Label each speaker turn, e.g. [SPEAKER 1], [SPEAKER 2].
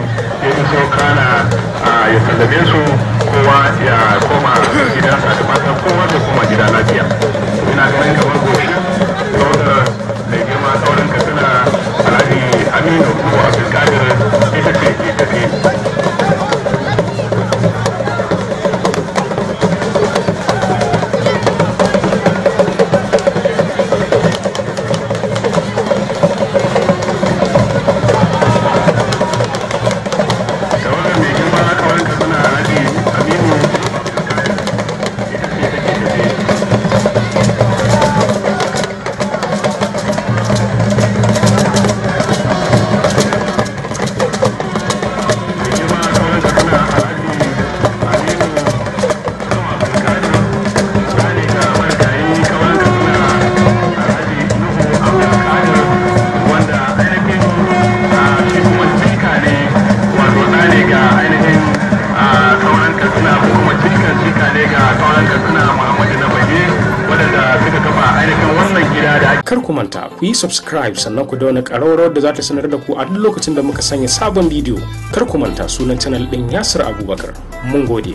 [SPEAKER 1] in so kana ya sallame su kowa ya koma gidansa da fatan kowa da kuma gida lafiya ina ganin kamar goshi saboda eh, mai girma saurin katsina alhaji aminu ko abdulkadir
[SPEAKER 2] da kar ku manta ku yi subscribe sannan ku dauna ƙararrawar da za ta sanar da ku a duk lokacin da muka sanya sabon bidiyo kar ku manta sunan channel ɗin yasir abubakar mun gode